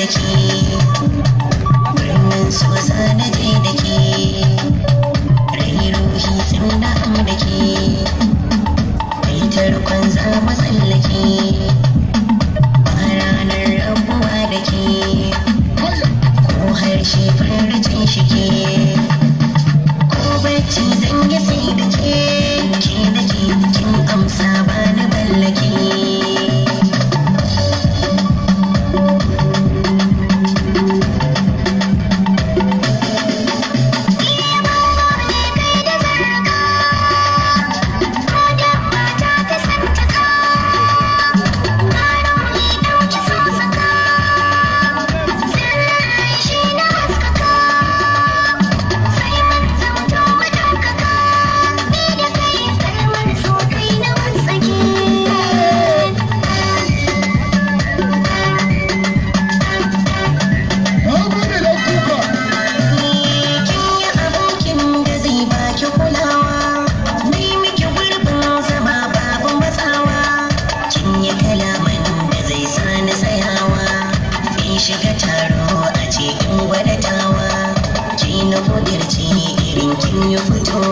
da ke definitely told.